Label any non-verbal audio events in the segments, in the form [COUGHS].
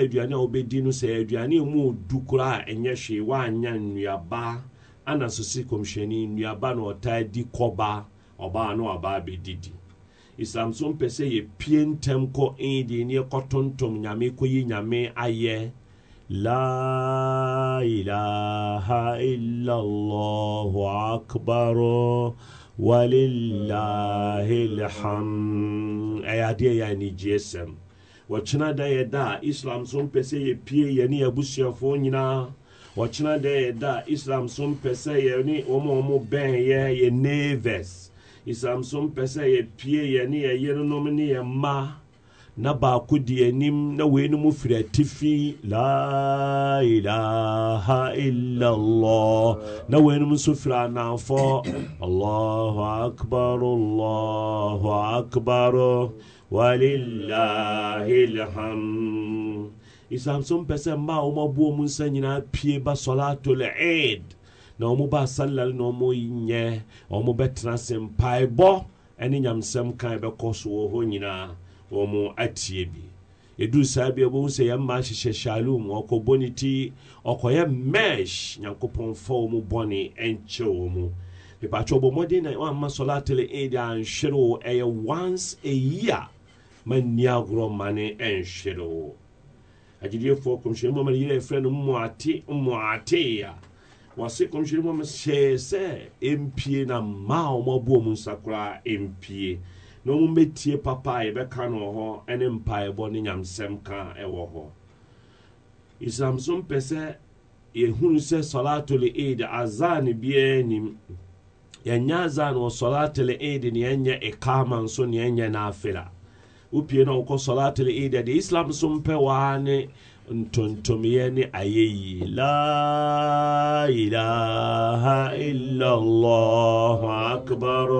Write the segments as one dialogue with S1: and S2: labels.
S1: aduane a wobɛdi no sɛ aduane mu odu koraa a ɛnyɛ hwee woanya nnuaba ana so si kɔmhyɛni nnuaba na ɔtaa di kɔba ɔbaa na ɔbaa bɛdidi islam so mpɛ sɛ yɛpie ntɛm kɔ ɛdi ne yɛkɔtontom nyame kɔyi nyame ayɛ la ilaha illallah akbar walillahi alhamd ɛyɛ adeɛ ya ni sɛm wɔkyena da yɛ da a islam so mpɛ sɛ yɛpie yɛne abusuafoɔ nyinaa wɔkyena da yɛ da a islam so mpɛ sɛ yɛne wɔn a wɔn bɛn yɛ yɛ neighbors islam so mpɛ sɛ yɛpie yɛne yɛ yerenom ne yɛ mma na baako di anim na wei no mu firi atifi la ilaha illallah na wei no mu nso firi anamfo allahu [COUGHS] Allah allahu akbar walillahilham isamsom pɛ sɛ mmaa a wɔmabu mu nsa nyinaa pie ba salatul eid na wɔn ba asalare na wɔn nyɛ wɔn bɛtena ase mpaebɔ ne nyamsɛm kan bɛkɔ so wɔ hɔ nyinaa wɔn atie bi ɛduru saa shalom ɔkɔbɔ ne ti ɔkɔyɛ mesh nyankopɔn fa wɔ mu bɔne ɛnkyɛ wɔ mu mepatwɛ bɔ mmɔden na wamma salatul Eid anhwere wo once a year manni agorɔ ma ne ɛnhwere wo agyidiefoɔ kɔmhyɛni mɔmad yere ɛfrɛ no mmoate mmoatee a wɔse kɔmhyɛni mɔmad hyɛɛ sɛ ɛmpie na mmaa a ɔmaboɔ mu nsa koraa ɛmpie na ɔmo mɛtie papa a yɛbɛka no wɔ hɔ ɛne mpaebɔ ne nyamsɛm ka ɛwɔ hɔ islam so mpɛ sɛ yɛhunu sɛ salatul eid azan biara nim yɛnyɛ azan wɔ salatul eid ne yɛnyɛ ikama nso ne yɛnyɛ nafila wopie na wokɔ salatul eid deɛ islam so mpɛ waa ne ntontomeɛ ne ayɛyi la ilaha illa allahu akbar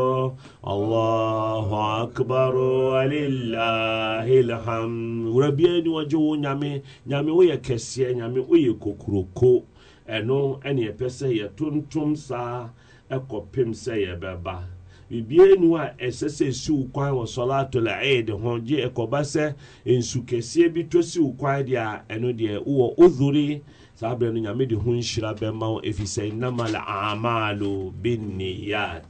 S1: allahu akbar walillahi alhamd wura biara ni wɔgye wo nyame nyame woyɛ kɛseɛ nyame woyɛ kokuroko ɛno ɛne yɛpɛ sɛ yɛtontom saa ɛkɔpem sɛ yɛbɛba biribiara ni a ɛsɛ sɛ esi wo kwan wɔ solatul eid ho gye ɛkɔba sɛ nsu kɛseɛ bi to si wo kwan deɛ a ɛno deɛ wowɔ odhuri saa berɛ no nyame de ho nhyira bɛma wo ɛfiri sɛ innamal amalu binniyat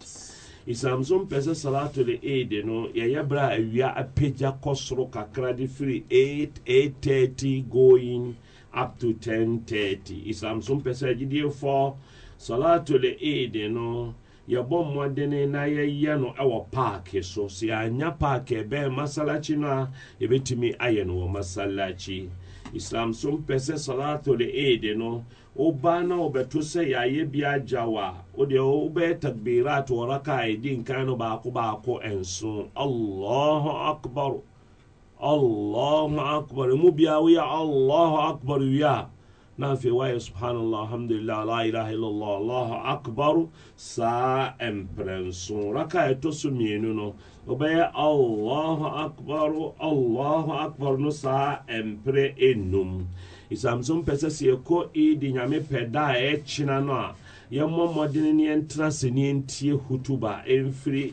S1: islam so mpɛ sɛ salatul eid no yɛyɛ berɛ a awia apagya kɔ soro kakra de firi 830 going up to 1030 islam so mpɛ sɛ agyediefoɔ salatul aid no yɛbɔ mmɔden na yɛyɛ no wɔ paake so sɛ yɛanya paake ɛbɛn masalakyi no a yɛbɛtumi ayɛ no wɔ masalakyi islam so mpɛ sɛ salatul eid no woba na wobɛto sɛ yɛayɛ bi agya wo a wode wobɛyɛ takbirat wɔraka a ɛdi nkan no baako baako ɛnso allahu akbar allahu akbar ɛmu biaa woyɛ allahu akbar wie a na afewaye subhanallah alhamdulillah la ilaha illallah allahu akbar sa mprɛnson raka a ɛtɔ so mmienu no wɔbɛyɛ allahu akbar allahu akbar no saa mprɛ enum isamsom pɛ sɛ sɛ yɛkɔ idi nyame pɛ da e a no a yɛmmɔ mmɔden ne yɛntena sɛ ne yɛntie hutuba ɛmfiri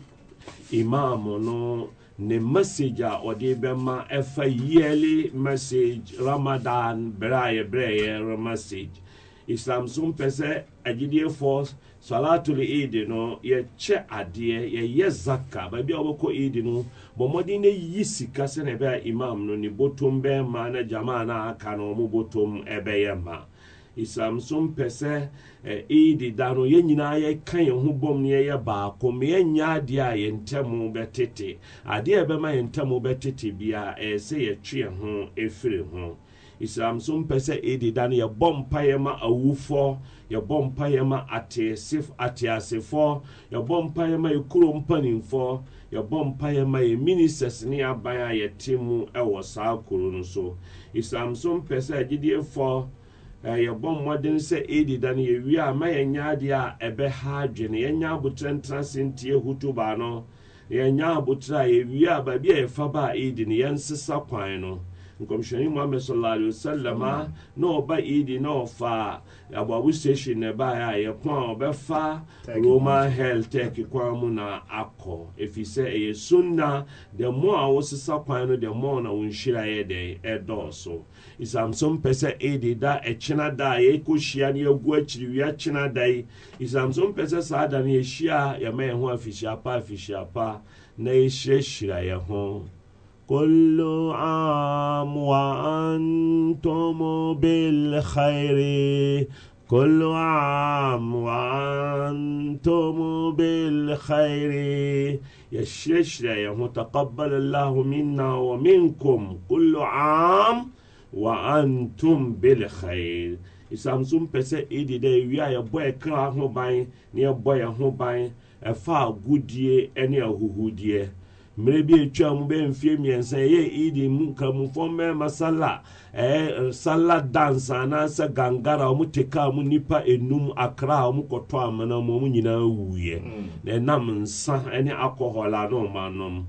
S1: imam no ne message a ɔde bɛma ɛfa yearly message ramadan berɛ a yɛbrɛyɛ message islam so mpɛ sɛ agyediefoɔ salatul eid no yɛkyɛ adeɛ yɛyɛ zaka baabi a wobɛkɔ eid no bɔ mmɔden no yi sika sɛne ɛbɛa imam no ne botom bɛma na jamaa no aka no ɔmo botom ɛbɛyɛ ma islam so mpɛ sɛ ɛɛdi da no yɛn nyinaa yɛka yɛn ho bɔm no yɛyɛ baako ma yɛnyɛ adeɛ a yɛn ntɛm bɛtete adeɛ a ɛbɛma yɛn ntɛm bɛtete bia ɛyɛ sɛ yɛtwe yɛn ho ɛfiri ho islam so mpɛ sɛ ɛɛdi da no yɛbɔ mpaeɛ ma awufoɔ yɛbɔ mpaeɛ ma ateasefoɔ yɛbɔ mpaeɛ ma yɛkuro mpanimfoɔ yɛbɔ mpaeɛ ma yɛ ministers ne aban a yɛte mu ɛwɔ saa kuro no so islam so mpɛ sɛ Eh, yɛbɔ mmɔden sɛ ɛdida no yɛwie a ma yɛnya adeɛ a ɛbɛha adwene yɛnya abotrɛ ntena se ntie hotobaa no yɛnya abotrɛ a yɛwie a baabi a yɛfa ba a ɛdi no yɛnsesa kwan no nkɔmhyɛni muhammed sallallahu alaihi wasallam ah, na ɔba idi na ɔfa abuabu station na ɛbaeɛ a yɛko a ɔbɛfa roman hell turkey kwan mu na akɔ ɛfiri sɛ ɛyɛ sunna the more a wosesa kwan no the more na wo nhyira yɛ dɛn ɛdɔɔso isamsom pɛ sɛ idi da ɛkyena da a yɛkɔhyia no yɛgu akyiriwia kyena da yi isamsom pɛ sɛ saa da no yɛhyia a yɛn ho afihyia pa afihyia pa na yɛhyirahyira yɛn ho كل عام وأنتم بالخير كل عام وأنتم بالخير يا متقبل الله منا ومنكم كل عام وأنتم بالخير isamsom pɛ sɛ ɛdi dɛ wie a yɛbɔ ɛkra ho ban يا yɛbɔ yɛn ho ban ɛfa agodie ne ahuhudie mmerɛ bi atwa mu bɛyɛ mfie mmiɛnsa ɛyɛ idi mu kamufo mmarima sala ɛɛ sala dance anaasɛ gangara a wɔte kaa mu nipa enum akra a wɔkɔtɔ amana mu wɔn nyinaa wuiɛ mm. na ɛnam nsa ɛne alcohol a na wɔn anom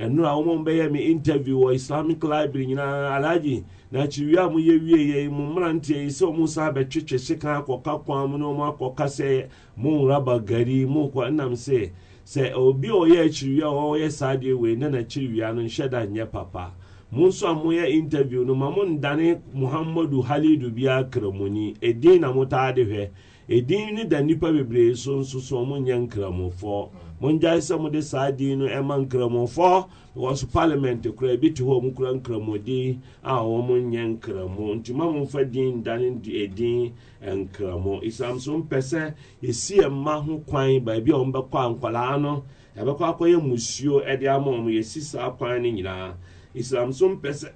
S1: ɛnura a wɔn bɛyɛ mi interview wɔ islamic library nyinaa alagye n'akyiri a wɔyɛ wie yɛ mu mmeranteɛ yi sɛ wɔn nsa abɛtwitwi sekan akɔka kwan mu na wɔn akɔka sɛ mo raba gari mo kɔ ɛnam sɛ sɛ obi a ɔyɛ akyiriwia a ɔyɛ saa deɛ wei na n'akyiriwia no nhyɛ da nyɛ papa mo nso a moyɛ interview no ma mo ndane muhammadu halidu biara kramoni ɛdin na motaa de hwɛ edin ni da nnipa bebree so nso so ɔmo nyɛ nkramofoɔ mongyae sɛ mode saa din no ɛma nkramofoɔ because parliament koraa ebi te hɔ ɔmo kura nkramodin a ɔmo nyɛ nkramo ntoma momfa din dane edin nkramo islam so mpɛ sɛ esi ɛma ho kwan baabi a ɔmo bɛkɔ ankwalaa no yɛbɛkɔ akɔyɛ musuo ɛde ama ɔmo yɛsi saa kwan no nyinaa islam so mpɛ sɛ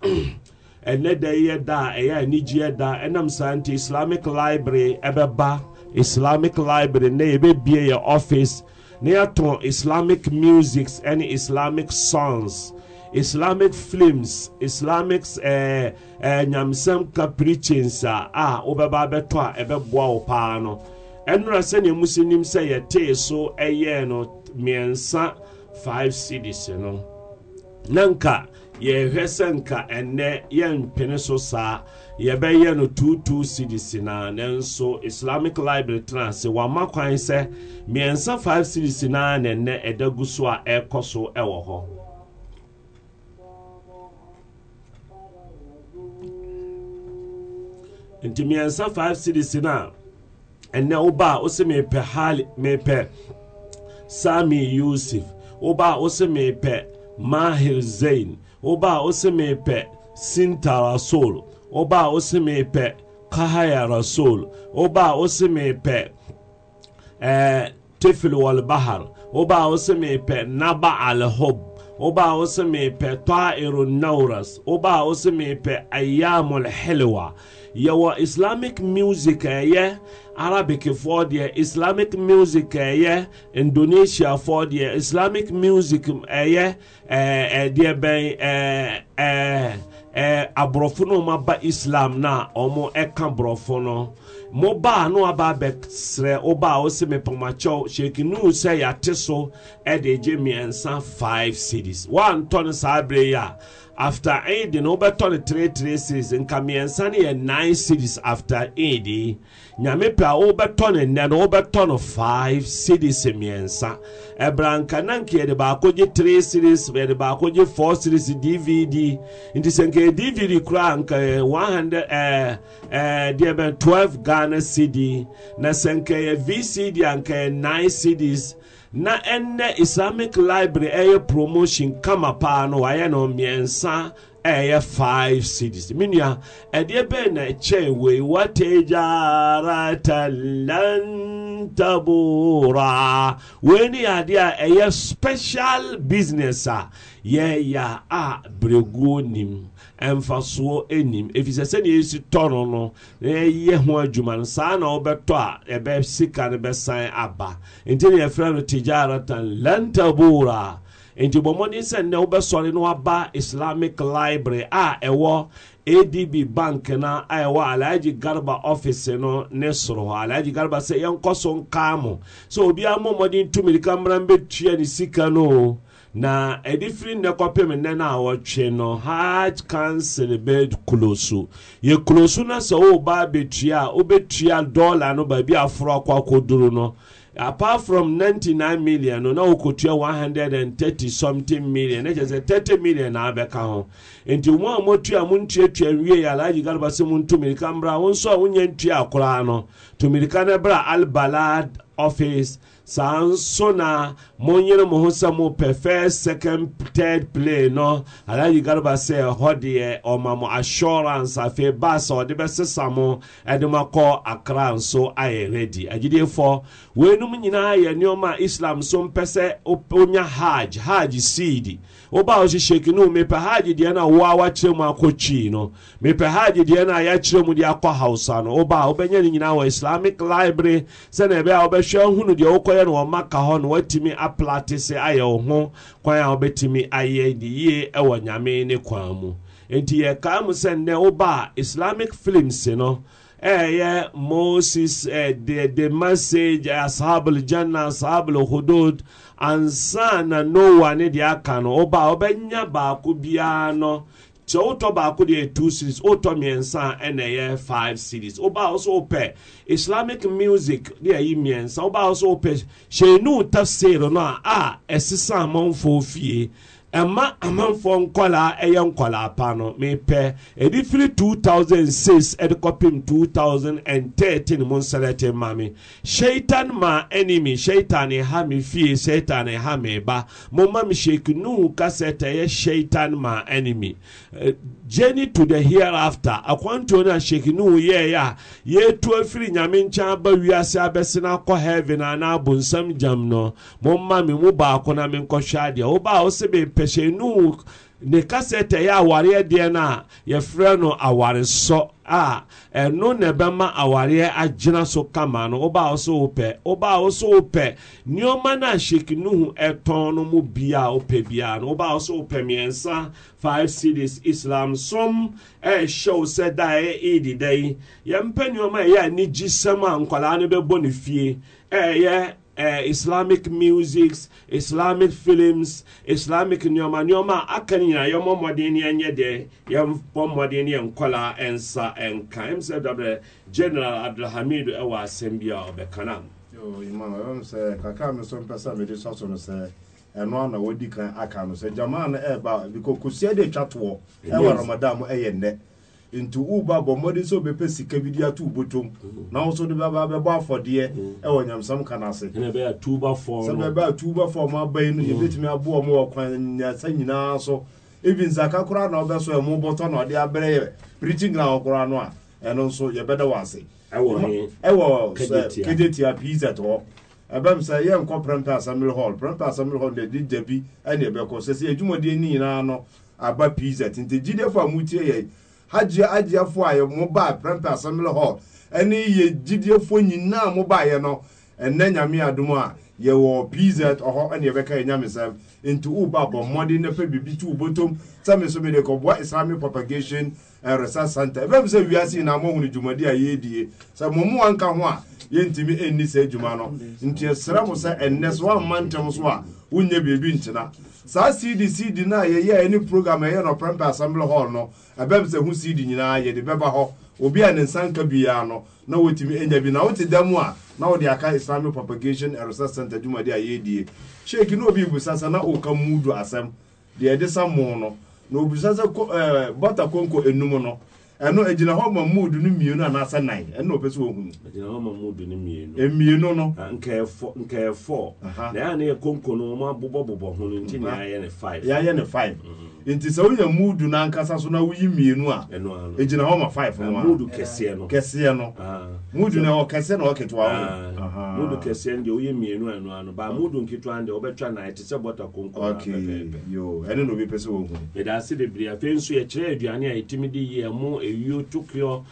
S1: [CLEARS THROAT] ɛnɛ da yɛ da ɛyɛ anigyeɛ da ɛnam saa nti islamic library ɛbɛba islamic library na yɛbɛbie yɛ office na yɛatɔn islamic musics ɛne islamic songs islamic films islamic eh, eh, nyamsɛm ka preachings a a wobɛba bɛtɔ a ɛbɛboa wo paa no nim sɛ yɛtee so no mmiɛnsa 5 cities no na nka yɛhwɛ sɛ nka ɛnnɛ yɛmpene so saa yɛbɛyɛ no 22 cdc na nanso islamic library tena ase wɔama kwan sɛ mmiɛnsa 5 cdc na ɛnnɛ ɛda gu so a ɛrekɔ so ɛwɔ hɔ nti mmiɛnsa 5 cdc na a ɛnnɛ woba a wo mepɛ hali mepɛ sami yusuf woba a wo mepɛ mahir zain Oba osimepɛ Sinta Rasul. Oba osimepɛ Kahaya Rasul. Oba osimepɛ ɛɛ eh, Tifil wal Bahar. Oba osimepɛ Naba al Hub. Oba osimepɛ Ta'iru Nauras. Oba osimepɛ Ayyamul Hilwa yɛwɔ islamic music ɛyɛ arabicfoɔ deɛ islamic music ɛyɛ indonesiafoɔ deɛ islamic music ɛyɛ ɛɛ deɛ bɛn ɛɛ ɛɛ ɛɛ aborɔfo no ma ba islam na ɔmo ɛka borɔfo no mo baa no aba abɛsrɛ wo baa wo se mepamakyɛw hyɛkinuu sɛ yɛate so ɛde gye mmiɛnsa five cities woantɔ no saa berɛ after eight, no wobɛtɔ three 33 and nka mmiɛnsa no yɛ 9 cities after eight, nyame pɛ a wobɛtɔ no nnɛ no 5 series Semienza, ɛbra nka na nka yɛde baako 3 series yɛde baako gye 4 series dvd In this nka dvd koraa 100 ɛɛ ɛɛ 12 ghana cd na sɛ vcd a 9 cities. na ɛnnɛ islamic library ɛyɛ eh, promotion kama paa no wayɛ eh, no mmiɛnsa ɛyɛ eh, five cities menua ɛdeɛ bɛn na ɛkyɛn wei watijarata lantabora wei ne adeɛ a ɛyɛ special business ah, a yɛyɛ a bereguo nim ɛmfasoɔ ɛnim ɛfiri sɛ sɛneɛ ɛsi tɔ no no na ɛyɛ ho adwuma no saa na wobɛtɔ a ɛbɛ sika no bɛsan aba nti ne yɛfrɛ no tijaratan lantabura nti bɔ mmɔden sɛ nnɛ wobɛsɔre na waba islamic library a ɛwɔ adb bank na a ɛwɔ alhaji garba office no ne soro hɔ alhaji garba sɛ yɛnkɔ so nkaa mo sɛ obiara mmɔmmɔden tumirika mmara mbɛtua ne sika no o na ɛde firi nnɛ kɔpem nnɛ no a wɔtwe no hard cancer bed kuloso yɛ kuloso no sɛ woba bɛtua a wobɛtua dɔla no baabi aforɔ akɔ akɔduru no apart from 99 million no na wɔkɔtua 130 something million na kyerɛ sɛ 30 million na abɛka ho nti mo a motua montuatua wie alagye galba sɛ montumirika mmra wo nso a wonya ntua koraa no tumirika no brɛ albalad office saa nso na monyere mo ho sɛ mo pɛ first second third play no alayi garba sɛ ɛhɔ deɛ ɔma mo assurance afei bus a ɔde bɛsesa mo ɛde mo akɔ akra nso ayɛ ready agyidefo weinom nyinaa yɛ nneɛma islam so mpɛ sɛ onya hajj hajj seed woba a ɔhyehyɛ no mepɛ hajj deɛ no a woa wakyerɛ mu akɔ twii no mepɛ hajj deɛ no a yɛakyerɛ mu de akɔ hausa no woba a wobɛnya no nyinaa wɔ islamic library sɛnea ɛbɛyɛ a wobɛhwɛ ahunu deɛ wokɔ wɔyɛ no wɔma ka hɔ no woatumi aplate sɛ ayɛ wo ho kwan a wobɛtumi ayɛ de yie ɛwɔ nyame ne kwan mu enti yɛkaa mu sɛ nnɛ woba a islamic films no ɛyɛ moses eh, the, the message ashabul janna ashabul hudud ansa na noa ne deɛ aka no woba a wobɛnya baako biara no sɛ wotɔ baako deɛ two series wotɔ mmiɛnsa ɛna ɛyɛ five series wobaa wo so wopɛ islamic music ne ɛyi mmiɛnsa wobaa wo so wopɛ hyɛnu tafsir no a a ɛsesa amanfoɔ fie ɛma amanfoɔ nkɔlaa ɛyɛ nkɔlaa pa no mepɛ ɛdi firi 2006 ɛde kɔpem 2013 mu nsɛlɛte ma me shaitan ma enemy shaitan ha me fie shaitan ha me ba moma me sheik nu kasɛt ɛyɛ shaitan ma enemy jeni to the hereafter akwantuo no a sheik nuhu yɛɛyɛ a yɛtu afiri nyame nkyɛn aba wiase abɛsena kɔ heaven anaa bonsam gyam no momma me mu baako na menkɔhwɛ adeɛ wo wobaa wo se mepɛ nhyɛnu ne kasa tɛyɛ awareɛ deɛ no a yɛfrɛ no awaresɔ a ɛno na ɛbɛma awareɛ agyina so kama no woba a wo so wopɛ woba a wo so wopɛ nneɔma no a hyekinuhu ɛtɔn no mu bia a wopɛ biara no woba wo so wopɛ mmiɛnsa 5 series islam som ɛɛhyɛ wo sɛ da ɛyɛ edi dɛ yi yɛmpɛ nneɔma ɛyɛ anigyesɛm a nkwalaa no bɛbɔ ne fie ɛɛyɛ uh, islamic musics islamic films islamic nneɛma nneɛma a aka no nyinaa yɛmmɔ mmɔden ne ɛnyɛ deɛ yɛmmɔ mmɔden ne yɛnkɔlaa ɛnsa ɛnka ɛm sɛ dabrɛ general abdulhamid ɛwɔ asɛm bi a ɔbɛka
S2: no imam sɛ kakra me so mpɛ sɛ mede sɔso no sɛ ɛno ana wɔdi kan aka no sɛ gyamaa no ɛɛba bikɔ kɔsia de ɛtwa toɔ ɛwɔ ramadan mu ɛyɛ nnɛ nti woba bɔ mmɔden sɛ wobɛpɛ sika bi de ato wo bɔtom mm-hmm. na wo so de bɛba bɛbɔ afɔdeɛ ɛwɔ mm-hmm. e nyamsam ka
S1: no ase sɛ bɛbɛ mm-hmm.
S2: atuwobafo ɔma abayi no yɛbɛtumi aboɔ mɔ wɔ kwanyasa nyinaa so even saka koraa na wobɛso ɛmo bɔtɔ na ɔde abrɛ yɛ preaching na hɔ koraa no a ɛno nso yɛbɛda wɔ ase ɛwɔ e e kedetia pz hɔ ɛbɛm sɛ yɛnkɔ prɛmpɛ assembly hall prɛmpɛ assembly hall deɛ de gya bi ɛne ɛbɛkɔ sɛ sɛ adwumadeɛ no nyinaa no aba pz nti gyidefoɔ a mutie yɛ hagye agyeɛfoɔ a yɛmobaa prɛmprɛ assembly hall ɛne yɛ gyidiefoɔ nyinaa mobaeɛ no ɛnɛ nyame adom a yɛwɔ pz ɔhɔ ɛne yɛbɛka yɛ nyamesɛm nti woba bɔ mmɔden na bibi tu to wobɔtom sɛ me so mede kɔboa islamic propagation eh, research center ɛbɛm sɛ wiase nyinaa moahunu dwumadi a yɛdie sɛ mo mu anka ho a yɛntumi ɛnni saa adwuma no nti ɛsrɛ mo sɛ ɛnnɛ so woamma ntɛm so a wonyɛ biribi nkyena saa cd cd no a yɛyɛ ne program ɛyɛ no ɔprɛmpɛ assembly hall no ɛbɛm sɛ ho cd nyinaa yɛde bɛba hɔ obi a ne nsa nka biara no na wɔtumi anya bi na wote da mu a na wode aka islamic propagation and research center dwumade a yɛdie sheeki na obi busa sɛ na ɔka mudu asɛm deɛ ɛde sa mo no na obusa sɛ eh, bɔta konko enum no ɛno agyina hɔ ma moodu no mmienu anaasɛ ah, nan ɛno ɔpɛ sɛ ɔhunu
S1: agyina hɔ ma moodu no mmienu
S2: mmienu no
S1: nkɛɛfɔ nkɛɛfɔ na ɛa ne yɛ konko no ɔmo abobɔbobɔ ho no nti ne ayɛ ne five yɛayɛ
S2: ne five mm-hmm. nti sɛ wonya moodu no ankasa so na woyi mmienu a ɛgyina e hɔ ma five eh, no moodu kɛseɛ no kɛseɛ ah. no moodu
S1: no ɛwɔ kɛseɛ na ɔketewa ho ah. moodu kɛseɛ no deɛ woyɛ mmienu ɛno ano ba moodu nketewa no deɛ wobɛtwa na ɛte sɛ bɔta konko no pɛpɛɛpɛ ɛne na obi pɛ sɛ ɔhunu meda ase bebree afei nso yɛkyerɛ är ju tjock jag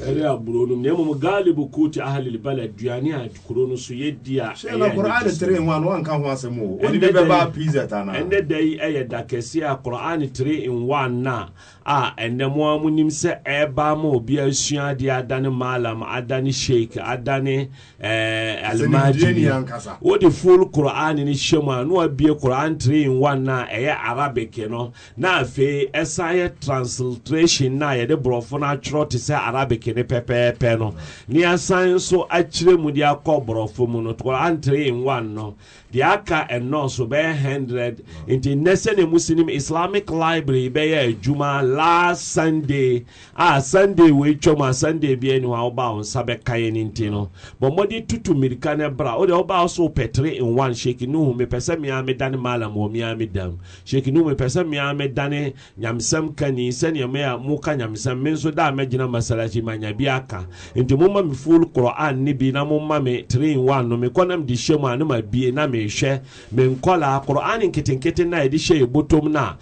S1: ɛne aburo no na mmom galibu kuti ahli bala aduane a kuro no so yɛdi a ɛyɛ qur'an tire in
S2: one wanka ho asɛm o ɛne bi bɛba
S1: pizza ta na ɛnɛ da yi ɛyɛ da kɛse a qur'an tire in one na a ɛnɛ mo a mo nim sɛ ɛba ma obi asua adeɛ adane malam adane sheik adane ɛɛ alimaji wode full qur'an ne hyɛ mu a na wabie qur'an tire in one na ɛyɛ arabic no na afei ɛsan yɛ transliteration na yɛde borɔfo no atwerɛ te sɛ arabic topic ne pɛpɛɛpɛ no ne yɛasan nso akyerɛ mu de akɔ borɔfo mu no antere in one no deɛ aka ɛnɔɔso bɛyɛ 100 nti nnɛ sɛne mu islamic library bɛyɛ adwuma last sunday a sunday wei twam a sunday bia ni hɔ a wobaa wo nsa bɛkaeɛ no nti no bɔ tutu mmirika no bra wode wobaa so wopɛtere in one sheki no hu mepɛ sɛ mea medane malam wɔ mea medam sheki no hu mepɛ sɛ mea medane nyamesɛm kani sɛneɛ me a moka nyamesɛm me nso da a mɛgyina masalachi ma manya bi aka nti momma me full quran ni bi na momma me train one no mekɔnam de hyɛ mu a ne mabie na mehwɛ menkɔlaa quran nketenkete na yɛde hyɛ yɛbotom no a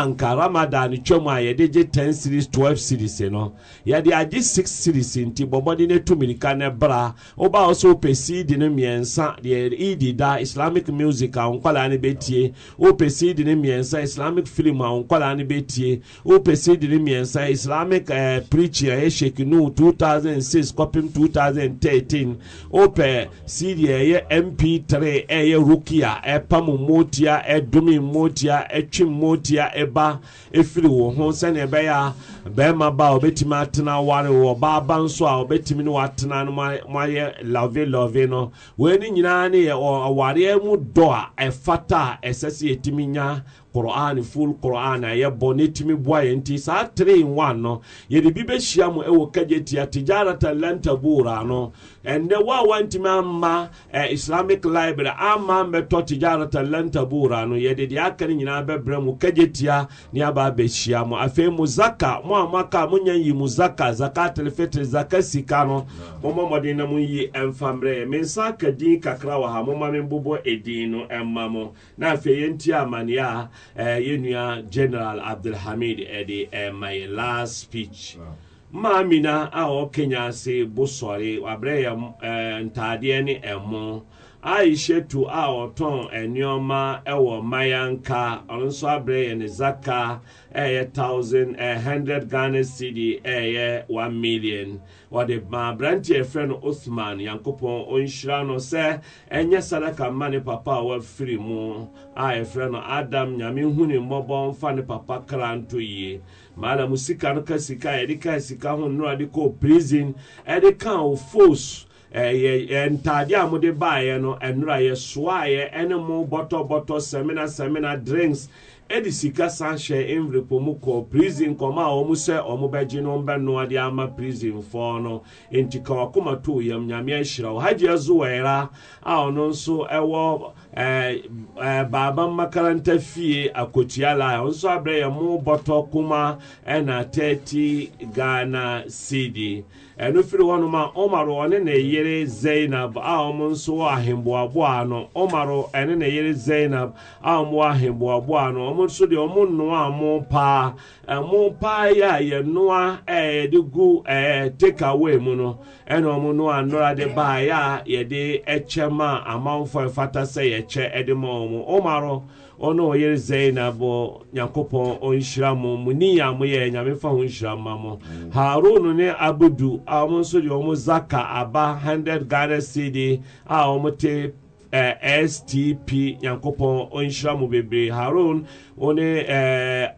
S1: anka ramadan twam a yɛde gye 10 series 12 series no yɛde agye 6 series nti bɔbɔde ne tu mirika ne bra woba wo sɛ wopɛ cd no mmiɛnsa deɛ edi da islamic music a nkwalaa no bɛtie wopɛ cd no mmiɛnsa islamic film a nkwalaa no bɛtie wopɛ cd no mmiɛnsa islamic uh, eh, preaching a ɛyɛ sheki Two no 2006 kɔpem 2013 wopɛ sedeɛ ɛyɛ mp3 ɛyɛ roki a ɛpam mmotia ɛdome mmotia ɛtwe mmotia ɛba ɛfiri wo ho sɛneɛ ɛbɛyɛ a bɛrima ba a obɛtumi atena aware wɔ ɔbaa ba nso a obɛtumi ne watena no mo ayɛ love love no wei ne nyinaa ne yɛ awareɛ mu dɔ a ɛfata a ɛsɛ sɛ yɛtumi nya Quran full Quran a yɛbɔ ne tumi boa yɛn nti saa 3 in one no yɛde bi bɛhyia mu ɛwɔ kagye tia tijarata lantabura no ɛnɛ wo a wantumi amma islamic library ama mmɛtɔ tijarata lantabura no yɛde deɛ aka no nyinaa bɛbrɛ mu kagye tia ne aba abɛhyia mu afei mu zaka mo a moaka a monya yi mu zaka zakatel fitri zaka sika no mommɔ mmɔden na monyi ɛmfa mmerɛ me nsa ka din kakra wɔ ha momma membobɔ ɛdin e no ɛma mo na afei yɛnti amanneɛ a eh, yɛnnua general abdulhamid ɛde eh, eh, ɛma my last speech wow maame na a ɔkenya ase bosɔre wabrɛ yɛ ɛɛ eh, ntaadeɛ ne ɛmo aisha tu a ɔtɔn nneɛma ɛwɔ mayanka ɔno nso abrɛ yɛ ne zaka ɛyɛ thousand ɛɛ eh, hundred ghana cedi ɛyɛ one million wɔde ma aberanteɛ frɛ no osman yankopɔn ɔnhyira no sɛ ɛnyɛ sadaka ma ne papa a wafiri mu a yɛfrɛ no adam nyame hu ne mmɔbɔ mfa ne papa kra nto yie malamu sika no ka sika yɛde ka sika ho nnora de kɔɔ prison ɛde ka o fos ɛyɛ ntaadeɛ a mode baeɛ no ɛnora yɛsoaeɛ ɛne mo bɔtɔbɔtɔ sɛmina sɛmina drinks ɛde sika san hyɛ envelope mu kɔ prison nkɔmɔ a wɔn sɛ wɔn bɛgye no bɛnoa de ama prisonfoɔ no nti ka wakoma to yam nyame ahyira wo hagye azuwaira a ɔno nso ɛwɔ ɛɛ eh, ɛɛ eh, baaba makaranta fie akotua la ɔno nso abrɛ yɛn mo bɔtɔ kuma ɛna eh, thirty ghana cedi. ɛno firi hɔ a ɔmar ɔne ne yere zainab a ɔmo nso wɔ ahemboaboa no ɔmar ɛne ne yere zainab a ɔmo wɔ ahemboaboa no ɔmo nso deɛ ɔmo nnoa mo paa ɛmo paa yi a yɛnoa ɛɛ yɛde gu ɛɛ takeaway mu no ɛna ɔmo noa nnora de baeɛ a yɛde ɛkyɛ ma amanfoɔ ɛfata sɛ yɛkyɛ ɛde ma ɔmo ɔmar ɔno ɔyere zɛe na bɔ nyankopɔn ɔnhyira mo mo ni a moyɛ nyame fa ho nhyira ma mo Haron ne abudu a ɔmo nso deɛ ɔmo zaka aba hundred ghana cd a ɔmo te stp nyankopɔn ɔnhyira mo bebree haron wone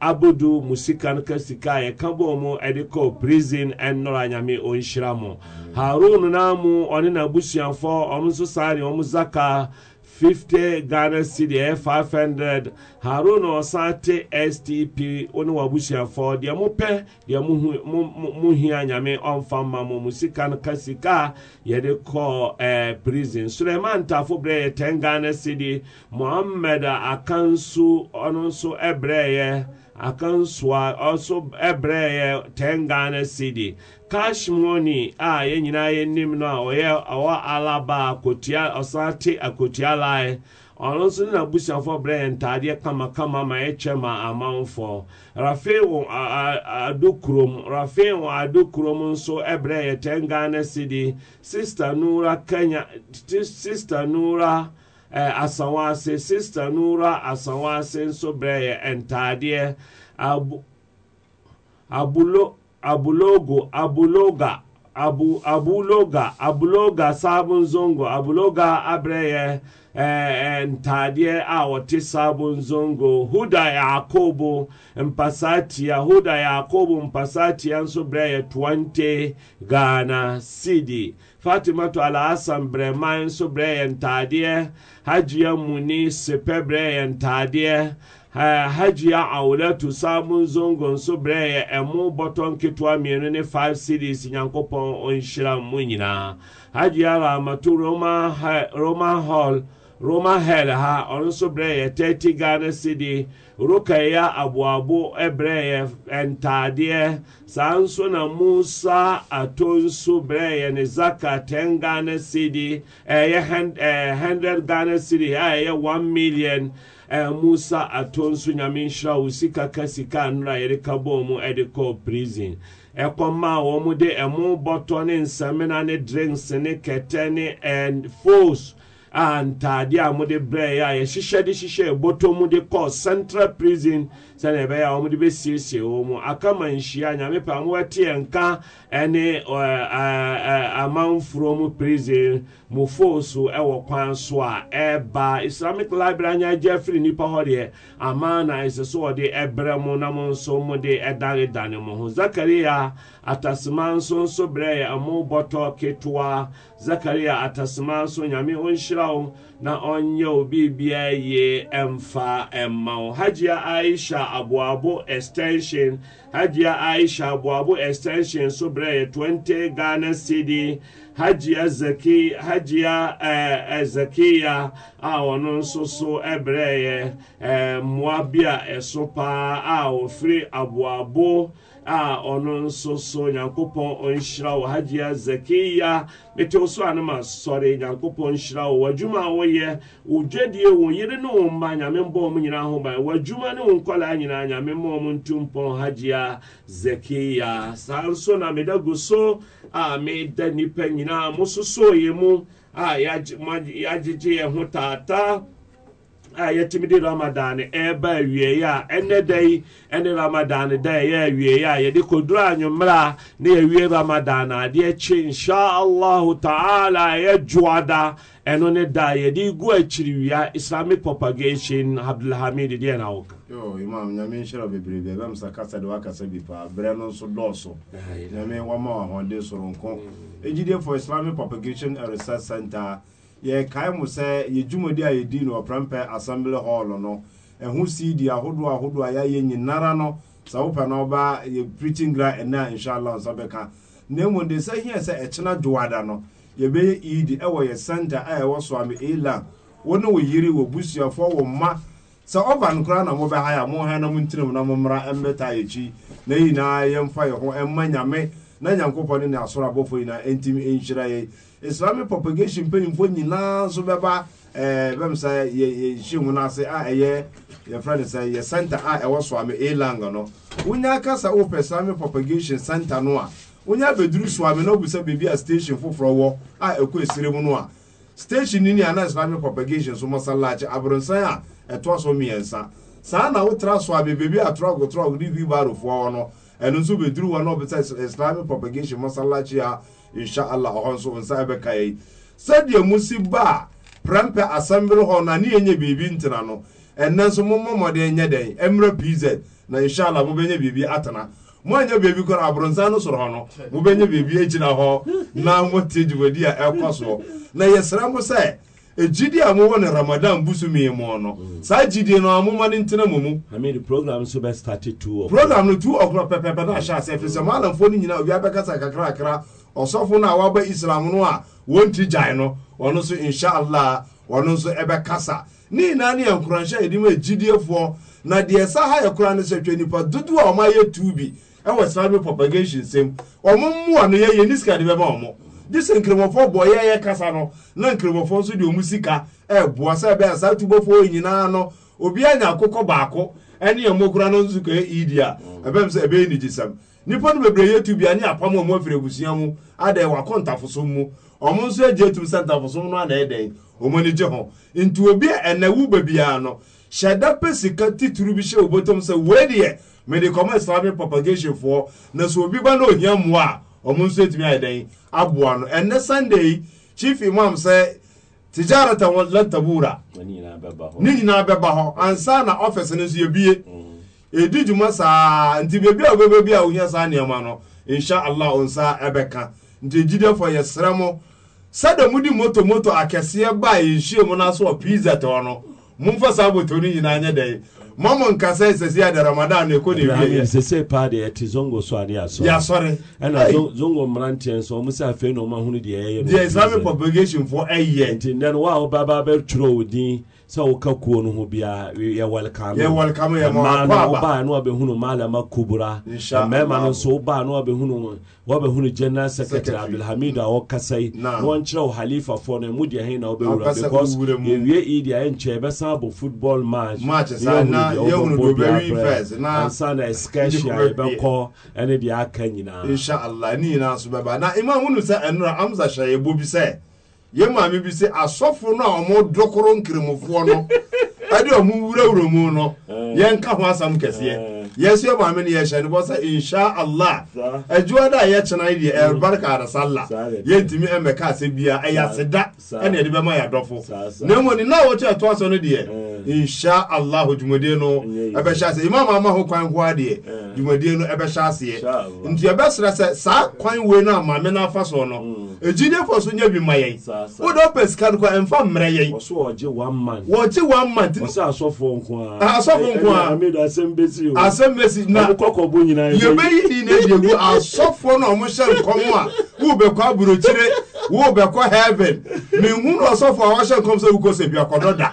S1: abudu mu sika no ka sika a yɛka bɔɔ mu ɛde kɔɔ prison ɛnnɔra nyame ɔnhyira mo haron na mu ɔne n'abusuafoɔ ɔmo nso saa ne ɔmo zaka Fifty ghana cedi eh, five hundred haruna ɔsate stp wo ne wabusuafoɔ deɛ mopɛ deɛ mohia nyame ɔmfa ma mo mu sika no ka sika yɛde kɔɔ eh, prison suleiman tafo berɛ yɛ 10 ghana cedi mohammed akansu ɔno nso ɛbrɛɛyɛ eh, akansoa ɔso ɛbrɛɛyɛ eh, ten ghana cedi cash money a yɛn nyinaa yɛnim no a ɔyɛ ɔwɔ alaba akotua ɔsan te akotua lae ɔno nso ne n'abusuafoɔ brɛ yɛn ntaadeɛ kamakama ma yɛkyɛ ma amanfoɔ rafei wɔ ado kurom rafei wɔ ado kurom nso brɛ yɛ ten ghana city sister nura kenya sister nura eh, asawase sister nura asawase nso brɛ yɛ ntaadeɛ abu abulo. abulogo abuloga abuloga abuloga sabon zongo abuloga aberɛ yâ eh, eh, ntadeɛ a wôte sabon zongo huda yakoobo mpasaa tia huda yakobo mpasaa tia nso berɛ yâ toa nte ghaana sidi fatimatu alhassan brɛman nso brɛ yɛ ntaadeɛ hajia muni sepɛ brɛ yɛ ntaadeɛ eh, hajia awolatu samun zongo nso brɛ yɛ ɛmo bɔtɔ nketewa mmienu ne 5 series nyankopɔn ɔnhyira mu nyinaa hajia ramatu roma, eh, roma hall roma hell ha ɔno nso berɛ yɛ 30 ghane sedi roka ɛyɛ aboabo brɛ yɛ ntadeɛ saa nso na musa ato nso berɛ yɛ ne zaka ten ghane sedi ɛyɛ 100 ghane cedi a ɛyɛ 1 mi000n musa ato nso nyame nhyira wo si kaka sika nnora yɛde kabɔ mu de kɔ prisin ɛkɔ maa ɔ mu de ɛmo bɔtɔne nsamena ne drenks ne kɛtɛ ne fors a ntaade a mode brɛeɛ a yɛhyehyɛ de hyehyɛ bɔtɔ mu de kɔɔ central prison sɛdeɛ ɛbɛyɛ a wɔde bɛsiesie wɔn mu aka ma nhyia nyame pa a wɔte nka ne uh, uh, uh, amanforo mu prison mu foso e wɔ kwan so a ɛreba islamic library anya agye afiri nipa hɔ deɛ aman na ɛsɛ so wɔde ɛbrɛ e mu na mo nso mo de ɛdanedane e mo ho zakaria atasema nso nso brɛ yɛ ɛmo bɔtɔ ketewa zakaria atasema nso nyame ɔnhyira wo na ɔnyɛ obi biara yie ɛmfa ɛmma wo hagia aisha abuabo extension hajiya aisha aboabo extension so 20 ghana City, hajiya zaki hajiya eh, eh, zakiya a ɔno nso so berɛ yɛ eh, a ɛso paa a a ɔno nso so nyankopɔn ɔnhyira wo hagyea zakiya metew so a nom asɔre nyankopɔn nhyira wo w'adwuma a woyɛ wo dwadie wo yere ne wo mma nyame mbɔ mu nyinaa ho ban w'adwuma ne wo nkɔlaa nyinaa nyame mu saa nso na meda gu so a meda nnipa nyinaa mu a yɛagyegye yɛ taataa a yɛtumi de ramadan ɛreba awieeɛ a ɛnɛ da ɛne ramadan da ɛyɛ awieeɛ a yɛde kɔduru anwummerɛ a na yɛwie ramadan adeɛ kye inshallahu ta'ala yɛdwoada ɛno ne da yɛde gu akyiriwia islamic propagation abdulhamid deɛ na
S2: Yo imam nyame nhyira bebrebe ɛbɛm sɛ kasa de wakasa bi paa berɛ no nso dɔɔso nyame wama wɔ soronko ɛgyidiɛ for islamic propagation research center yɛkae mo sɛ yɛdwumadi a yɛdi no ɔprɛmpɛ assembly hall no ɛho cd ahodoɔ ahodoɔ a yɛayɛ nyinara no sɛ wopɛ no ɔba yɛ preaching gra ɛnɛ a inshallah nso bɛka na mmom de sɛ hia sɛ ɛkyena doada no yɛbɛyɛ eid ɛwɔ yɛ center a ɛwɔ soame elam wo ne wo yere wɔ busuafoɔ wo mma sɛ ɔba no koraa na mobɛha a mohɛ na montirim na mommra ɛmbɛta yɛkyi na nyinaa yɛmfa yɛ ho ɛmma nyame na nyankopɔn ne ne asɔre abɔfoɔ nyinaa ntim nhyira yɛ islamic propagation mpanyinfoɔ nyinaa nso bɛba ɛɛ eh, bɛm sɛ yɛ yɛhyɛ wɔn ase a ɛyɛ yɛfrɛ ne sɛ yɛ center a ɛwɔ swami elang no wonya akasa wopɛ islamic propagation center no a wonya abɛduru swami na obusa beebi a station foforɔ wɔ a ɛkɔ esire mu no a station ni ni ana islamic propagation so mɔsalakye aburonsan a ɛtoa so mmiɛnsa saa na wotra swami beebi a trɔg trɔg ne wheelbarrow foɔ no ɛno nso bɛduru hɔ na ɔbɛsɛ islamic propagation masalachi a inshallah ɔhɔ nso nsa ɛbɛka yi sɛdeɛ mo si ba a prɛmpɛ asɛmbere hɔ na ne yɛnyɛ biribi ntena no ɛnɛ nso mommɔ mmɔden nyɛ dɛn ɛmmerɛ pz na inshallah mobɛnyɛ biribi atena moanyɛ baabi kɔ no aborɔnsan no soro hɔ no mobɛnyɛ biribi agyina hɔ na motie dwumadi a ɛkɔ soɔ na yɛsrɛ mo sɛ ejidi a mowɔ mm. no ramadan busumi mu no saa gyidie no amoma no ntena mu mu program no
S1: 2
S2: ɔkorɔ pɛpɛpɛ no ahyɛ asɛ ɛfiri sɛ maalamfoɔ no nyinaa obia bɛkasa kakrakra ɔsɔfo no a waba islam no a wɔnti gyae no ɔno nso inshallah ɔno nso ɛbɛkasa ne nyinaa ne yɛ nkoranhyɛ yɛde ma agyidiefoɔ na deɛ sa ha yɛ kora no sɛ twɛ nnipa dodoɔ a ɔma yɛ bi ɛwɔ e islamic propagation sɛm ɔmo mmoa no yɛyɛ ne sika de bɛma ɔmo gye sɛ nkremɔfoɔ bɔyɛyɛ kasa no na nkremɔfoɔ nso deɛ ɔmu sika ɛboa sɛ ɛbɛyɛ saa tubɔfoɔ nyinaa no obiara nya akokɔ baako ɛne ɛmmɔkura no nso kɔyɛ idi e a ɛbɛm sɛ ɛbɛyɛ ne gyesɛm nnipa no bebree yɛ tubia ne apam a ɔmo afiri abusua mu adɛn wakɔ ntafosom mu ɔmo nso agye atum sɛ ntafosom no adɛn dɛn ɔmo ani gye ho nti obi a ɛnɛ wu baabiara no hyɛ da titiri bi hyɛ obotom sɛ wei deɛ mede kɔma islamic propagation foɔ na sɛ obi ba na ohia mmoa a ɔmo nso etumi ayɛ dɛn aboa no ɛnɛ sunday chief imam sɛ tijarata wɔn latabura ne nyinaa bɛba hɔ ansa na ɔfɛs no nso yɛbie mm. ɛdi dwuma saa nti beebi a wɔbɛbɛ bi a wohia saa nneɛma no insha allah nsa ɛbɛka nti gyidefo yɛsrɛ mo sɛdeɛ mode moto akɛseɛ baa yɛnhyia mu no so wɔ pizza tɔ no momfa saa botɔ no nyinaa nyɛ dɛn mɔmɔ nkasa sɛsi ada ramadan na ɛkɔ ne wie
S1: sɛsɛ paa deɛ ɛte zongo so ade asɔre yɛasɔre ɛna zongo mmeranteɛ nso ɔmo sɛ afei na ɔma hono deɛ ɛyɛ deɛ islamic propagation foɔ ɛyɛ nti nnɛ no wo a wobaba bɛtwerɛ wo din sɛ woka kuo no ho biaa yɛwelkamemaa no wobaa no wabɛhunu malama kubra mmarima no nso wobaa no wabɛhunu wabɛhunu general secretary abdulhamid a wɔkasa yi na wɔnkyerɛ wo halifafoɔ no mu deɛ hen na wobɛwura because yɛwie edi a ɛnkyɛ yɛbɛsan abɔ football match ansa na excursion a yɛbɛkɔ ɛne deɛ aka nyinaa
S2: na imam wonu sɛ ɛnora amsa hyɛ yɛbɔ bi yɛn maame bi sɛ asɔfo no a wɔn dokoro nkirimufoɔ no [LAUGHS] ɛde wɔn wurawura mu no eh. yɛn ka ho asam kɛseɛ eh. yɛn so yɛ maame no yɛhyɛ no bɔ sɛ insha allah adwuma da a yɛkyena yi deɛ ɛrebarika arasala yɛntumi ɛmɛka asɛ bia ɛyɛ aseda ɛna yɛde ma yɛ adɔfo na mmom ne na wɔkyɛ ɛtoa so no deɛ eh insha allah dwumadie no ɛbɛhyɛ aseɛ imam ama ho kwan ho adeɛ dwumadie eh. no ɛbɛhyɛ aseɛ nti ɛbɛsrɛ sɛ saa kwan wei no a maame no afa soɔ no ɛgyidiefo hmm. so nyɛ bi ma yɛn wode ɔpɛ sika no kɔ ɛmfa mmerɛ yɛn wɔgye one month asɔfoɔ nko a ah, asɛm bɛsi na yɛbɛyi ni na adiɛgu asɔfoɔ no a ɔmohyɛ nkɔm a wobɛkɔ aburokyire wobɛkɔ heaven menhu no ɔsɔfoɔ a wɔhyɛ nkɔm sɛ wokɔ sɛ biakɔdɔ da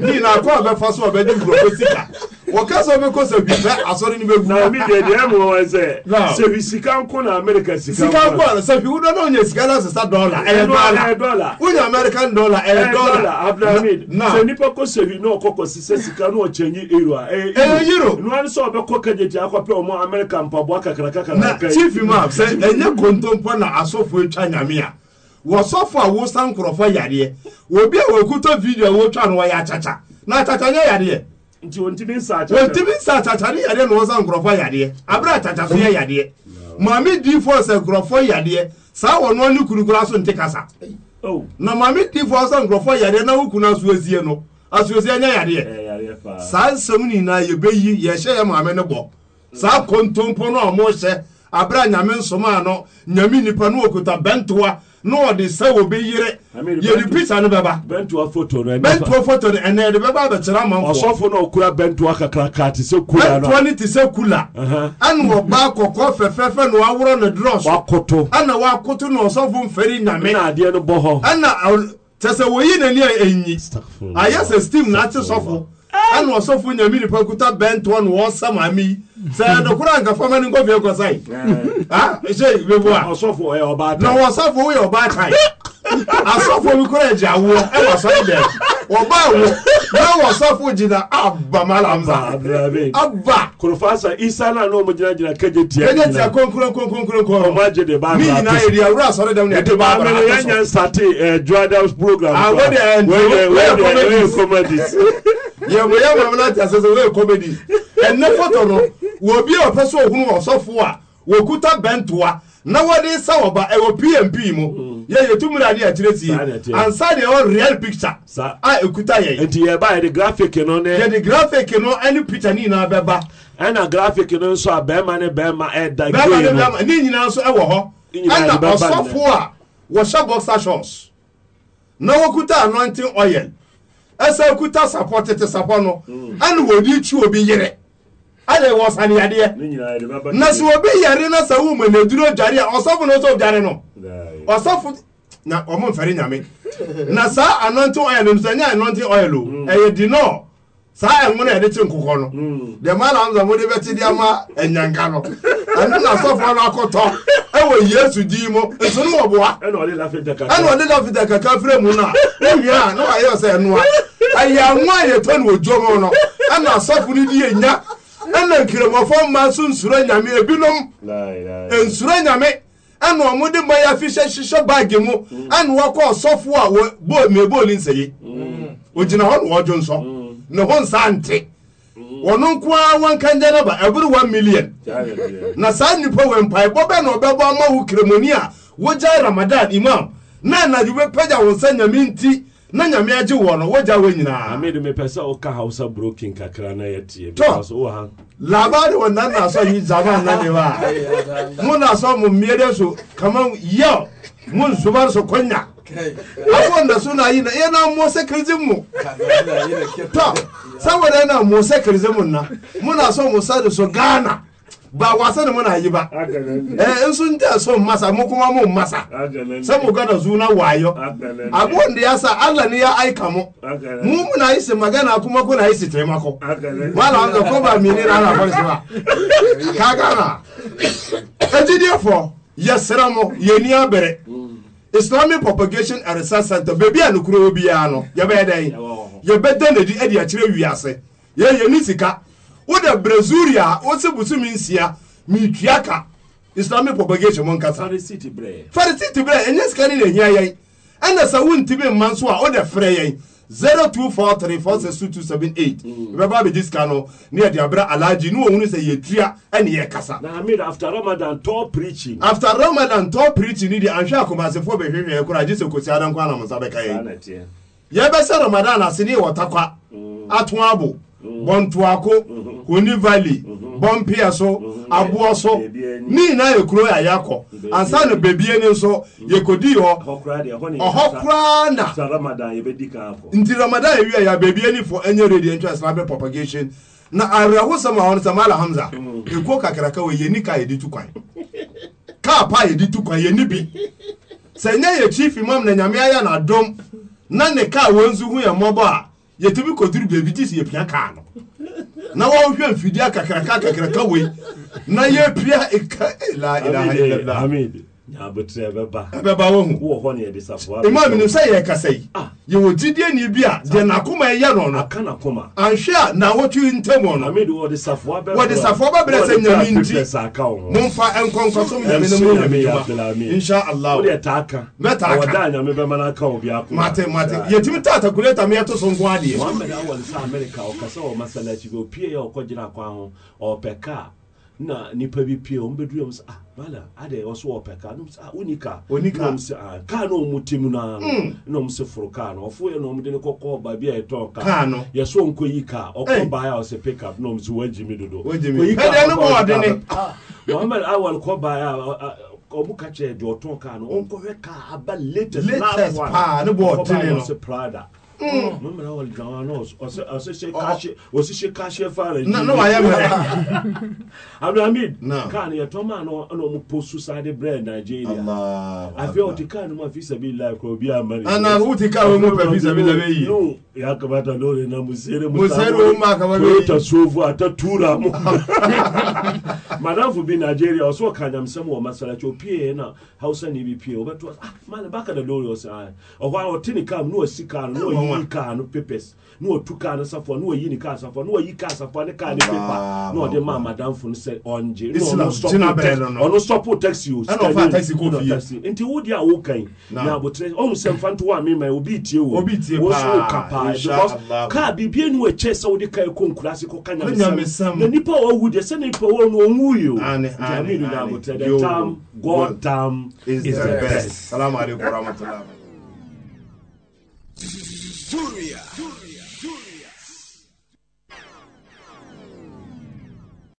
S2: ne nyinaa kɔ bɛ fa so a bɛ di nkurɔfo sika wɔka sɛ ɔbɛ kɔ sɛbi bɛ asɔre ni bɛ gu. na mi deɛ deɛ mu wɔn sɛ sɛbi
S1: sika nko na amerika sika nko. sika nko ala
S2: sɛbi wudɔ n'o nye sika la sisa dɔla ɛyɛ dɔla ɛyɛ dɔla wudɔ amerika dɔla ɛyɛ dɔla abdulhamid sɛ
S1: nipa kɔ sɛbi n'o kɔ kɔ sisɛ n'o cɛ nye euro a ɛyɛ euro ɛyɛ euro nuwani sɛ ɔbɛ kɔ kɛjɛ ti akɔpɛ ɔmɔ amerika mpaboa kakra kakra. na chief ma sɛ ɛnyɛ kontompo
S2: na asɔfo etwa nyamia wɔsɔfo a wosan nkurɔfo yareɛ obi a wɔkuta video a wotwa no wɔyɛ akyakya na atata ne yadeɛ
S1: wɔntumi nsa
S2: atata ne yadeɛ na wɔsa nkurɔfoɔ yadeɛ abere atata so yɛ yadeɛ maame diifoɔ sɛ nkurɔfoɔ yadeɛ saa wɔn no ne kurukura so nte kasa na maame diifoɔ sɛ nkurɔfoɔ yadeɛ na wokunu asuosie no asuosie nyɛ
S1: yadeɛ
S2: saa nsɛm nyinaa yɛbɛyi yɛhyɛ yɛ maame no bɔ saa kontompo no a ɔmo hyɛ abere nyame nsoma ano nyame nipa no okuta bɛntoa na ɔde sɛ wɔbɛyere yɛde pita no bɛba
S1: bɛntoa foto no
S2: ɛnɛ yɛde bɛba abɛkyerɛ ama ɔsɔfo
S1: no ɔkura bɛntoa kakraka te sɛ kula bɛntoa
S2: no te sɛ kula ɛne ɔbaa kɔkɔɔ fɛfɛɛfɛ na waworɔ ne drɔ so wakoto ɛna koto na ɔsɔfo mfɛri nyame na adeɛ no bɔ hɔ ɛna kyɛ sɛ wɔyi n'ani a ɛnyi ayɛ sɛ steam na ate sɔfo ana ɔsɔfo nyame nipa kuta bɛntoɔ no wɔsa maame yi sɛ nokoro anka fama no nkɔfie kɔsae hyɛ bɛbu a na ɔsɔfo woyɛ ɔbaatae asɔfo bi kura ɛgya awoɔ ɛwɔ asɔfo dɛm wɔba awo na wɔ sɔfo gyina aba malamza na
S1: na ɔmo gyina gyina kɛgye tia kɛgye tia konkuron konkuron konkuron ɔmo agye de ba ne nyinaa yɛ de awura asɔre dɛm ne ɛde ba abara ato so yɛn yɛn sate ɛɛ juadaus program kɔ awo de ɛn wɛyɛ wɛyɛ comedies
S2: yɛ bɔ yɛ mɔmɔ n'ate asese wɛyɛ comedies ɛnɛ fɔtɔ no wɔ bi yɛ yɛtum na ne yɛkyerɛ tie ansa deɛ ɛwɔ real picture a
S1: ɛkuta yɛ nti yɛba yɛde graphic no ne yɛde graphic no ne picture ne nyinaa bɛba ɛna graphic no nso a bɛrima ne bɛrima ɛda bɛrima ne bɛrima ne nyinaa nso ɛwɔ hɔ ɛna ɔsɔfoɔ
S2: a wɔhyɛ boxer shorts na wɔkuta anointing oil ɛsɛ kuta sapɔ tete sapɔ no ɛna wɔde twi obi yere ayɛ wɔ saneadeɛ na sɛ obi yare na sɛ wo ma na aduro dware a ɔsɔfo no sɛ dware no ɔsɔfo na ɔmo mfɛre nyame na saa anɔnte oil no sɛ ɛnyɛ anɔnte oil o ɛyɛ mm. dinɔ saa ɛnwo no yɛde kye nkokɔ no mm. deɛ ma na mode bɛte deɛ ma anyanka no ɛno na asɔfoɔ no akɔtɔ ɛwɔ yesu din mu nso no wɔboa ɛna ɔde lafita kaka frɛ mu no a wowie a na wayɛ sɛ ɛnoa ɛyɛ anwo a no wɔ dwom no ɛna asɔfo no de yɛnya ɛna nkiremɔfo mma nso nsuro nyame ebinom nsuro nyame ɛna ɔmo de ma yafi hyehyɛ mu ɛna mm. wɔkɔ ɔsɔfo a bɔɔl mebɔɔl nsɛyi mm. ogyina hɔ na wɔdwo nsɔ mm. ne ho nsa nte wɔno nko ara ba ɛboro one million na saa nnipa wɔ mpaebɔ bɛ na ɔbɛbɔ ama wo kremoni a ramadan imam na anadwo nsa nyame nti na nyame agye wɔ no wogya wɔ nyinaa
S1: amedu mepɛ sɛ woka hausa brokin kakra na yɛtie because wɔ
S2: nan na asɔ yi zaba na ne wa mu na asɔ mu mmiere so kama yɛ mu nsubari so kɔnya
S1: afɔ
S2: na so na yi na yɛ na mɔ sɛ kirizi mu tɔ sabu yɛrɛ na mɔ sɛ kirizi mu na mu na asɔ mu sa so gaana. ba wasa da mana yi ba eh in sun ta son masa mu kuma mun masa sai mu gada zuna wayo abuwan da ya sa Allah ne ya aika mu mu muna yi su magana kuma na yi su taimako wala wanda ko ba mini na ana fansu ba ka gana ejidefo yɛsrɛ mo yɛni abere islamic propagation and research center beebi a nokuro biara no yɛbɛyɛ dɛn yɛbɛdɛ nadi adi akyerɛ wiase yɛyɛ ni sika woda brezuri a wose bosome nsia metua ka islamic propagation mu nkasa farisiti berɛ ɛnyɛ sika ne na ɛhia yɛn ɛna sɛ wontimi mma nso a wode frɛ yɛn 0243462278 bɛba bɛgye sika no ne yɛde abrɛ alagye ne wɔhunu sɛ yɛtua
S1: ɛne yɛkasa after ramadan tɔ preaching
S2: ne deɛ anhwɛ akomasefoɔ bɛhwehwɛɛ koraa gye sɛ kɔsi ada nkɔ anam nsa bɛka yɛn yɛbɛsɛ ramadan ase ne yɛwɔ ato abo Mm-hmm. bɔntoako mm-hmm. koni valley mm-hmm. bɔmpia so aboɔ so ne nyinaa yɛ kuro a yɛakɔ ansa no babie ne nso yɛkɔdii hɔ
S1: ɔhɔ koraa na nti
S2: ramadan yɛwie yɛ babie ne fo ɛnyɛ radio ntwa islamic propagation na awerɛhosɛm a hɔ no sɛ mala hamsa ɛkuo kakraka wɔ yɛni ka yɛde tu kwan kaa pa yɛde tu kwan yɛni bi sɛ ɛnyɛ yɛ chief imam na nyame ayɛ dom, na ne kaa wɔn nso hu yɛ mmɔbɔ a yɛtumi kɔduru baabi gye sɛ yɛpia kaa no na wɔnhwɛ mfidie akakraka akakraka wei na yɛpia ɛka [LAUGHS] ilailailaila
S1: nyabetire ɛbɛba ɛbɛba wɔn mu wɔ hɔ ni imam nim sɛ yɛ kasa
S2: yi ah. yɛwɔ gidie ni bi a deɛ n'akoma yɛ no no aka n'akoma ahwɛ a n'awɔtu ntɛm wɔn no safoa bɛ sɛ nyame nti momfa nkɔnkɔ so
S1: insha allah o de taa ka mɛ taa ka wɔda nyame bɛ mana ka obi ako mate yɛtumi taa takuleta mi so nko adeɛ sa america ɔkasa wɔ masalachi bi opie yɛ na nipa bi pie ɔmo bɛduru sɛ ah bala ada ɛwɔ ah, mm. so wɔpɛ kaa nom sɛ ah woni kaa oni kaa nom sɛ ah kaa na ɔmo ti mu naa na ɔmo sɛ foro kaa na ɔfo yɛ na ɔmo de ne kɔkɔɔ baabi a yɛtɔn kaa kaa no yɛ so nko yi kaa ɔkɔ baa a ɔsɛ pick up na sɛ wɔagyi mi dodo wɔagyi mi ɛdeɛ no bɔ ɔdene mohammed awal kɔ baa a ɔmo ka deɛ ɔtɔn kaa no ɔnkɔhwɛ mm. kaa aba latest latest paa ne bɔ ɔdene no ɔkɔ baa a ɔsɛ prada mɛmɛrɛ wali jama n'o ɔsɛ ɔsɛ se kaase ɔsɛ se kaase fa la. na n'o ma yɛ abdulhamid kan yɛ tɔma n'o n'o mu po susade brɛ nigeria a fɛ o ti kan ninnu ma fi sabi la kɔ o bi ana u ti kan ninnu fi sabi la bɛ ya kamata dole na musere musere umma kamar ko ta sofu a ta tura mu madam fu bi Nigeria wasu ka nyam sam wa masalaci o pie na Hausa ni bi pie o ba to ah man baka da dole wasu ai o kwa o tini kam no sika no yi ka no pepes na watu kaa no safoɔ na wayi ne kaa safoɔ na wayi kaa safoɔ ne kaa ne pepa na ɔde ma madamfo no sɛ ɔngye ɔno sɔpo taxi o nti wodeɛ a wokan na abotire ɔhu sɛ mfa nto wɔ a obi tie wo wo so wo ka paa because kaa biribia ne wakyɛ sɛ wode kae kɔ nkura ase kɔka nyamesɛm na nipa a wawu deɛ sɛ nipa wɔ no ɔwuyi o nti amenu na abotire the time god time is the best salamu alaikum